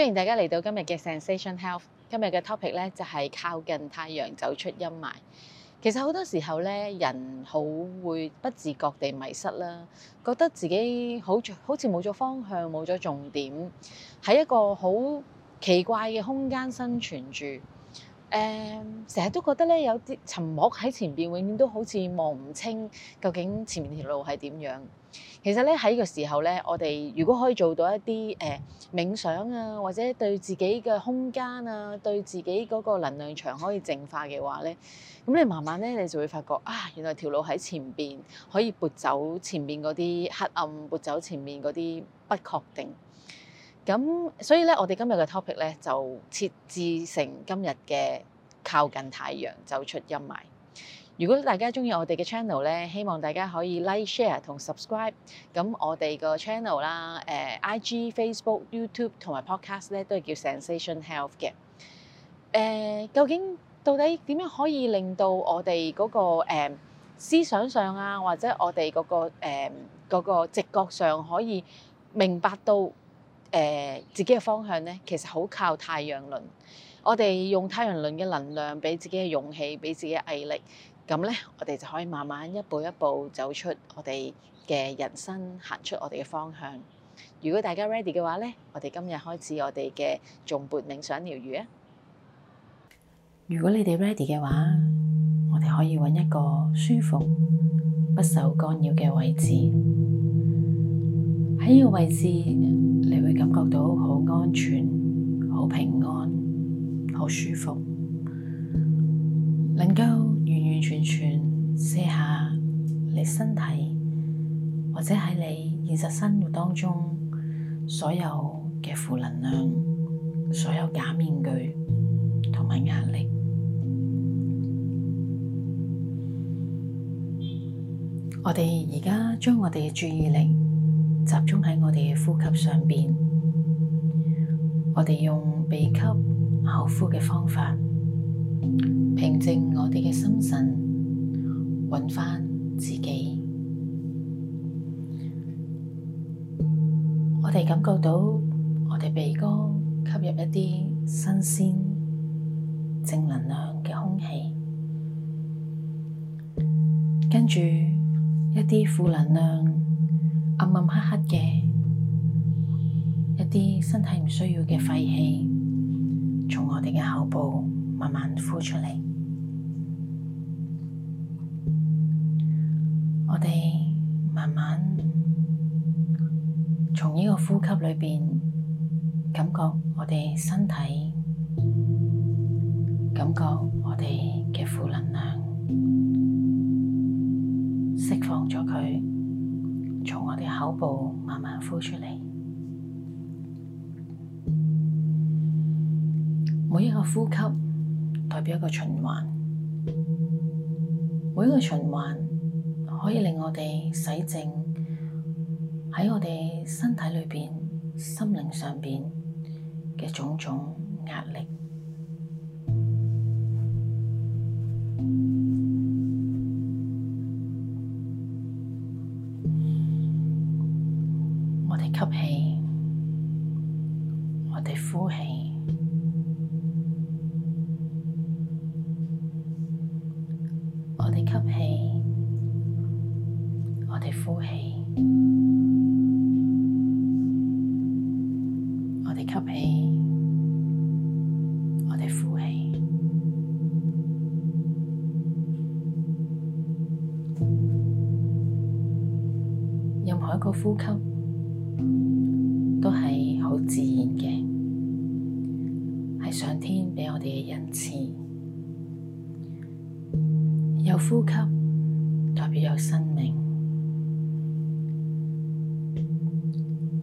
歡迎大家嚟到今日嘅 Zensation Health。今日嘅 topic 咧就係靠近太陽走出陰霾。其實好多時候咧，人好會不自覺地迷失啦，覺得自己好好似冇咗方向，冇咗重點，喺一個好奇怪嘅空間生存住。誒，成日、um, 都覺得咧有啲沉默喺前邊，永遠都好似望唔清究竟前面條路係點樣。其實咧喺個時候咧，我哋如果可以做到一啲誒、呃、冥想啊，或者對自己嘅空間啊，對自己嗰個能量場可以淨化嘅話咧，咁你慢慢咧，你就會發覺啊，原來條路喺前邊可以撥走前面嗰啲黑暗，撥走前面嗰啲不確定。咁所以咧，我哋今日嘅 topic 咧就設置成今日嘅靠近太陽走出陰霾。如果大家中意我哋嘅 channel 咧，希望大家可以 like、share 同 subscribe。咁我哋個 channel 啦，誒、呃、IG Facebook, YouTube,、Facebook、YouTube 同埋 podcast 咧都係叫 Zensation Health 嘅。誒，究竟到底點樣可以令到我哋嗰、那個誒、呃、思想上啊，或者我哋嗰、那個誒嗰、呃、那個直覺上可以明白到？誒、呃、自己嘅方向呢，其實好靠太陽輪。我哋用太陽輪嘅能量，俾自己嘅勇氣，俾自己嘅毅力。咁呢，我哋就可以慢慢一步一步走出我哋嘅人生，行出我哋嘅方向。如果大家 ready 嘅話呢，我哋今日開始我哋嘅頌缽冥想療癒啊！如果你哋 ready 嘅話，我哋可以揾一個舒服、不受干擾嘅位置，喺呢個位置，感到好安全、好平安、好舒服，能夠完完全全卸下你身體，或者喺你現實生活當中所有嘅負能量、所有假面具同埋壓力。我哋而家將我哋嘅注意力集中喺我哋嘅呼吸上面。我哋用鼻吸口呼嘅方法，平靜我哋嘅心神，揾翻自己。我哋感覺到我哋鼻哥吸入一啲新鮮正能量嘅空氣，跟住一啲負能量、暗暗黑黑嘅。啲身體唔需要嘅廢氣，從我哋嘅口部慢慢呼出嚟。我哋慢慢從呢個呼吸裏邊，感覺我哋身體，感覺我哋嘅負能量釋放咗佢，從我哋口部慢慢呼出嚟。每一個呼吸代表一個循環，每一個循環可以令我哋洗淨喺我哋身體裏邊、心靈上邊嘅種種壓力。個呼吸都係好自然嘅，係上天畀我哋嘅恩賜。有呼吸，代表有生命；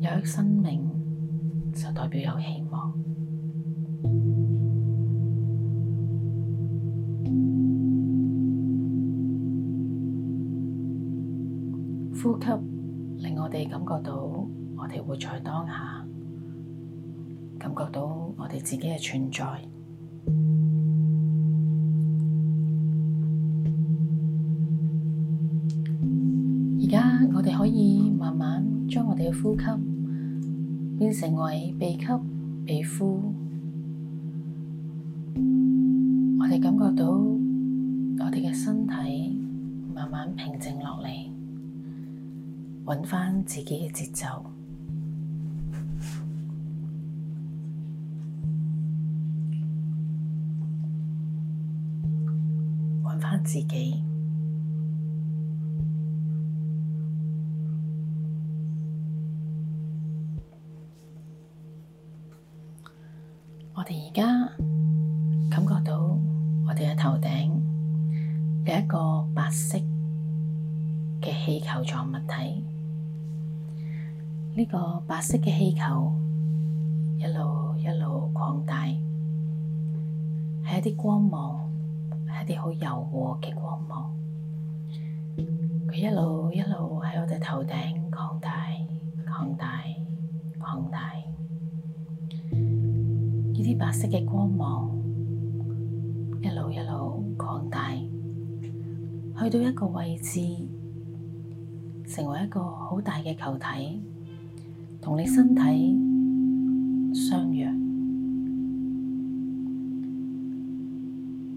有生命，就代表有希望。呼吸。令我哋感覺到我哋活在當下，感覺到我哋自己嘅存在。而家我哋可以慢慢將我哋嘅呼吸變成為鼻吸鼻呼，我哋感覺到我哋嘅身體慢慢平靜落嚟。揾返自己嘅節奏，揾返自己。我哋而家感覺到我哋嘅頭頂有一個白色嘅氣球狀物體。呢個白色嘅氣球一路一路擴大，係一啲光芒，係一啲好柔和嘅光芒。佢一路一路喺我哋頭頂擴大、擴大、擴大。呢啲白色嘅光芒一路一路擴大，去到一個位置，成為一個好大嘅球體。同你身體相約，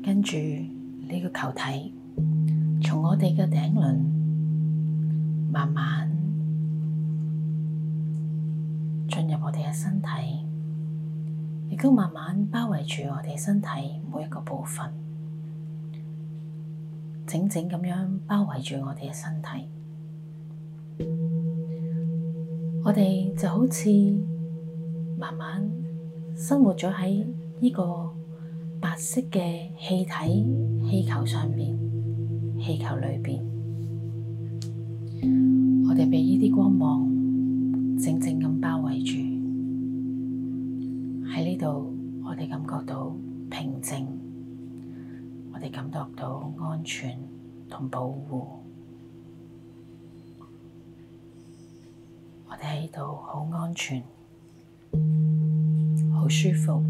跟住呢個球體從我哋嘅頂輪慢慢進入我哋嘅身體，亦都慢慢包圍住我哋身體每一個部分，整整咁樣包圍住我哋嘅身體。我哋就好似慢慢生活咗喺呢個白色嘅氣體氣球上面，氣球裏邊，我哋被呢啲光芒靜靜咁包圍住。喺呢度，我哋感覺到平靜，我哋感覺到安全同保護。度好安全，好舒服。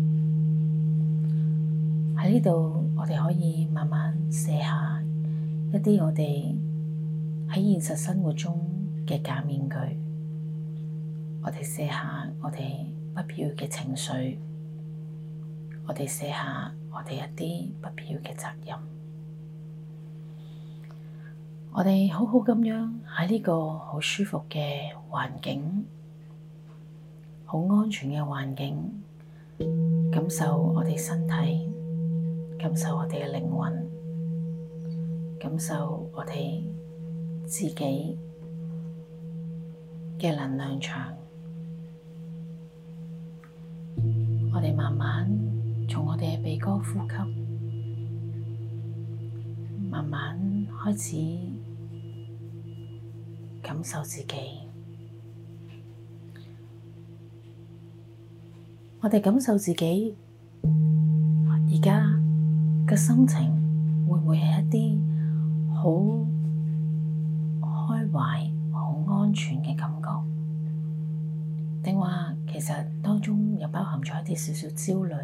喺呢度，我哋可以慢慢卸下一啲我哋喺現實生活中嘅假面具。我哋卸下我哋不必要嘅情緒，我哋卸下我哋一啲不必要嘅責任。我哋好好咁樣喺呢個好舒服嘅環境，好安全嘅環境，感受我哋身體，感受我哋嘅靈魂，感受我哋自己嘅能量場。我哋慢慢從我哋嘅鼻哥呼吸，慢慢開始。感受自己，我哋感受自己而家嘅心情，會唔會係一啲好開懷、好安全嘅感覺？定話其實當中又包含咗一啲少少焦慮、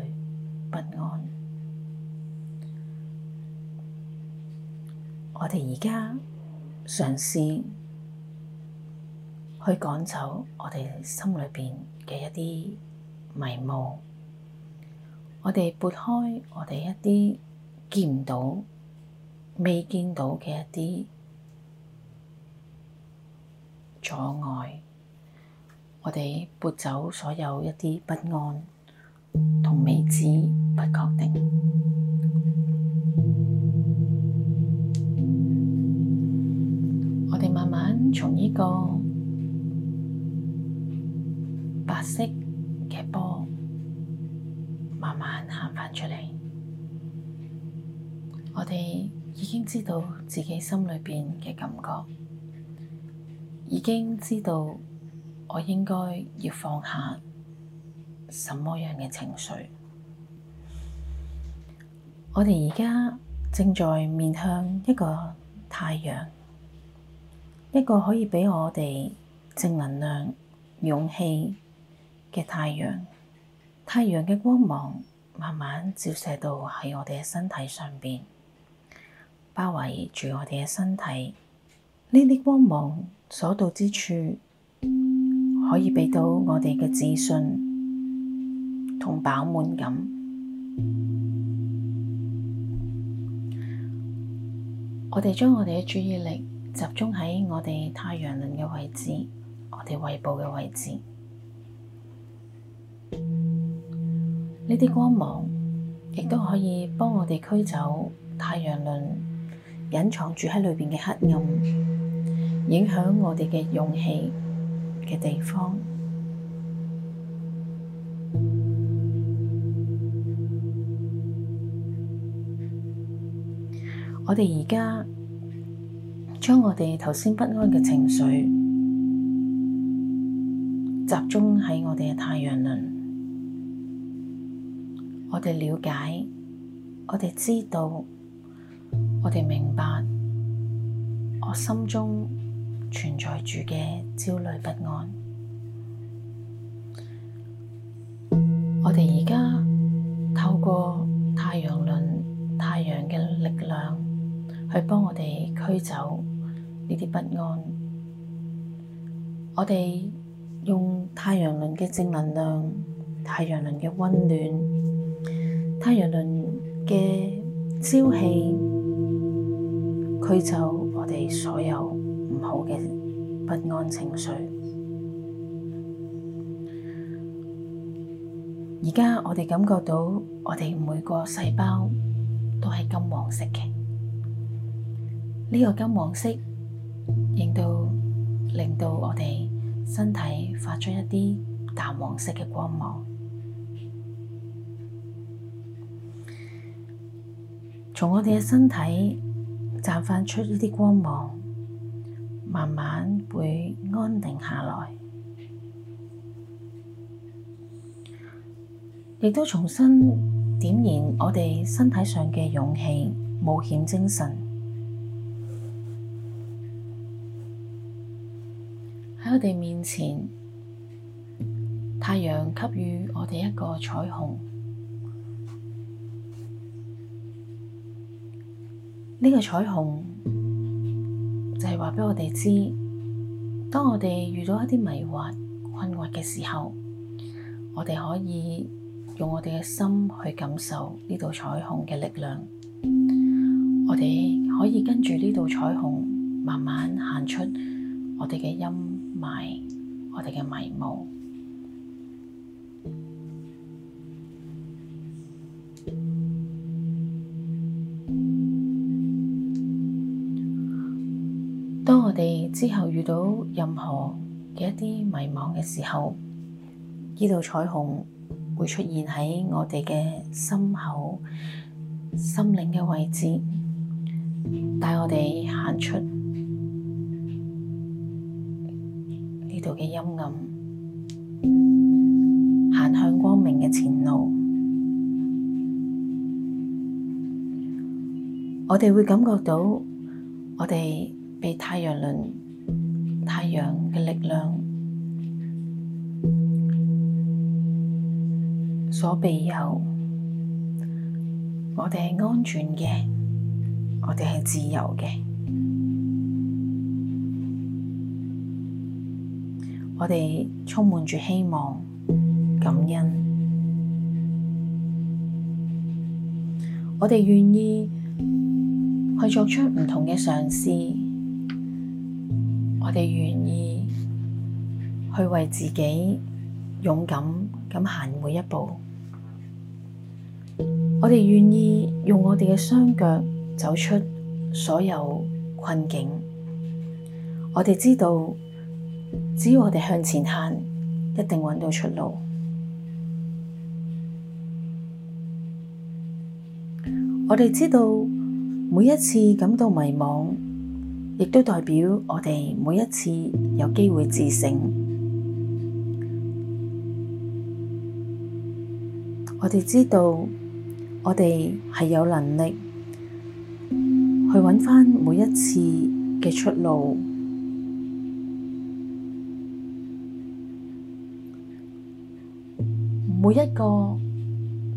不安？我哋而家嘗試。去趕走我哋心裏邊嘅一啲迷霧，我哋撥開我哋一啲見唔到、未見到嘅一啲阻礙，我哋撥走所有一啲不安同未知、不確定，我哋慢慢從呢個。白色嘅波慢慢行返出嚟，我哋已經知道自己心裏邊嘅感覺，已經知道我應該要放下什麼樣嘅情緒。我哋而家正在面向一個太陽，一個可以畀我哋正能量、勇氣。嘅太陽，太陽嘅光芒慢慢照射到喺我哋嘅身體上面，包圍住我哋嘅身體。呢啲光芒所到之處，可以畀到我哋嘅自信同飽滿感。我哋將我哋嘅注意力集中喺我哋太陽輪嘅位置，我哋胃部嘅位置。呢啲光芒，亦都可以幫我哋驅走太陽輪隱藏住喺裏邊嘅黑暗，影響我哋嘅勇氣嘅地方。 我哋而家將我哋頭先不安嘅情緒集中喺我哋嘅太陽輪。我哋了解，我哋知道，我哋明白，我心中存在住嘅焦慮不安。我哋而家透過太陽輪太陽嘅力量，去幫我哋驅走呢啲不安。我哋用太陽輪嘅正能量，太陽輪嘅溫暖。太陽輪嘅朝氣驅走我哋所有唔好嘅不安情緒。而家我哋感覺到我哋每個細胞都係金黃色嘅，呢個金黃色令到令到我哋身體發出一啲淡黃色嘅光芒。從我哋嘅身體綻放出呢啲光芒，慢慢會安定下來，亦都重新點燃我哋身體上嘅勇氣、冒險精神。喺我哋面前，太陽給予我哋一個彩虹。呢個彩虹就係話俾我哋知，當我哋遇到一啲迷惑、困惑嘅時候，我哋可以用我哋嘅心去感受呢道彩虹嘅力量，我哋可以跟住呢道彩虹慢慢行出我哋嘅陰霾、我哋嘅迷霧。之後遇到任何嘅一啲迷茫嘅時候，呢道彩虹會出現喺我哋嘅心口、心靈嘅位置，帶我哋行出呢度嘅陰暗，行向光明嘅前路。我哋會感覺到，我哋被太陽輪太陽嘅力量所庇佑，我哋係安全嘅，我哋係自由嘅，我哋充滿住希望、感恩，我哋願意去作出唔同嘅嘗試。我哋願意去為自己勇敢咁行每一步。我哋願意用我哋嘅雙腳走出所有困境。我哋知道，只要我哋向前行，一定搵到出路。我哋知道，每一次感到迷茫。亦都代表我哋每一次有機會自省，我哋知道我哋係有能力去揾翻每一次嘅出路。每一個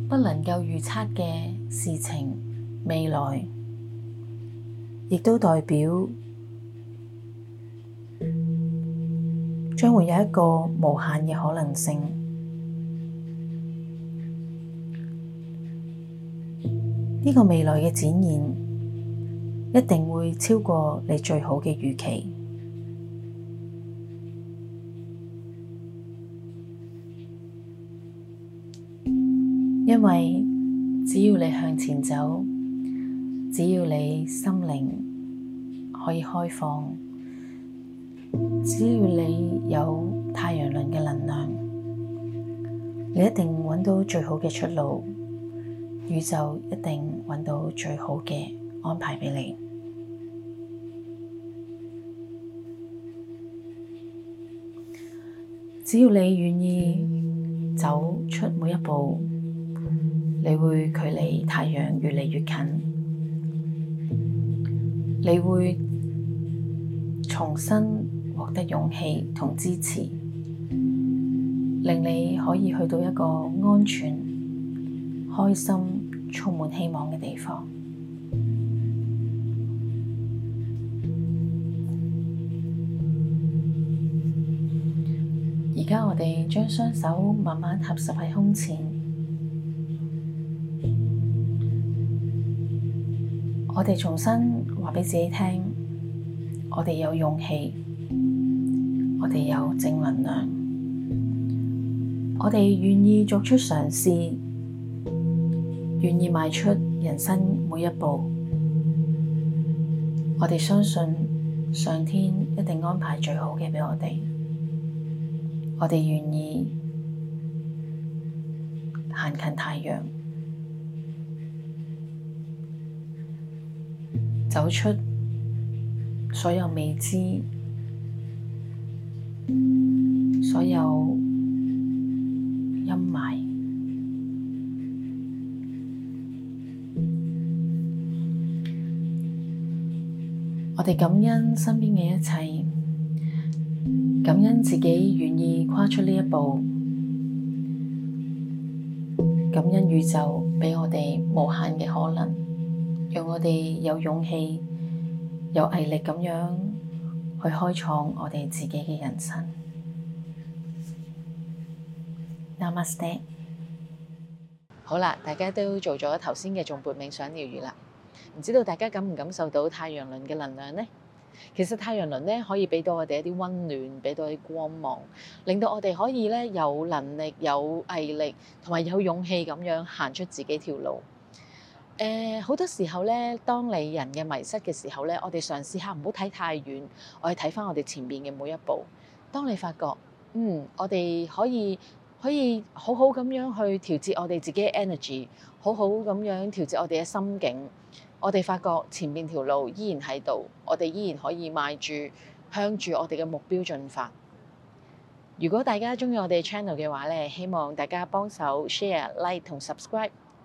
不能夠預測嘅事情未來，亦都代表，將會有一個無限嘅可能性，呢個未來嘅展現一定會超過你最好嘅預期，因為只要你向前走，只要你心靈可以開放。只要你有太陽輪嘅能量，你一定揾到最好嘅出路，宇宙一定揾到最好嘅安排畀你。只要你願意走出每一步，你會距離太陽越嚟越近，你會重新獲得勇氣同支持，令你可以去到一個安全、開心、充滿希望嘅地方。而家我哋將雙手慢慢合十喺胸前，我哋重新話畀自己聽：我哋有勇氣。我哋有正能量，我哋願意作出嘗試，願意邁出人生每一步。我哋相信上天一定安排最好嘅畀我哋。我哋願意行近太陽，走出所有未知，所有陰霾，我哋感恩身邊嘅一切，感恩自己願意跨出呢一步，感恩宇宙畀我哋無限嘅可能，讓我哋有勇氣、有毅力咁樣。去開創我哋自己嘅人生。好啦，大家都做咗頭先嘅頌缽冥想療癒啦。唔知道大家感唔感受到太陽輪嘅能量呢？其實太陽輪咧可以俾到我哋一啲温暖，俾到啲光芒，令到我哋可以咧有能力、有毅力同埋有勇氣咁樣行出自己條路。誒好多時候咧，當你人嘅迷失嘅時候咧，我哋嘗試下唔好睇太遠，我哋睇翻我哋前面嘅每一步。當你發覺，嗯，我哋可以可以好好咁樣去調節我哋自己嘅 energy，好好咁樣調節我哋嘅心境。我哋發覺前面條路依然喺度，我哋依然可以邁住向住我哋嘅目標進發。如果大家中意我哋嘅 channel 嘅話咧，希望大家幫手 share、like 同 subscribe。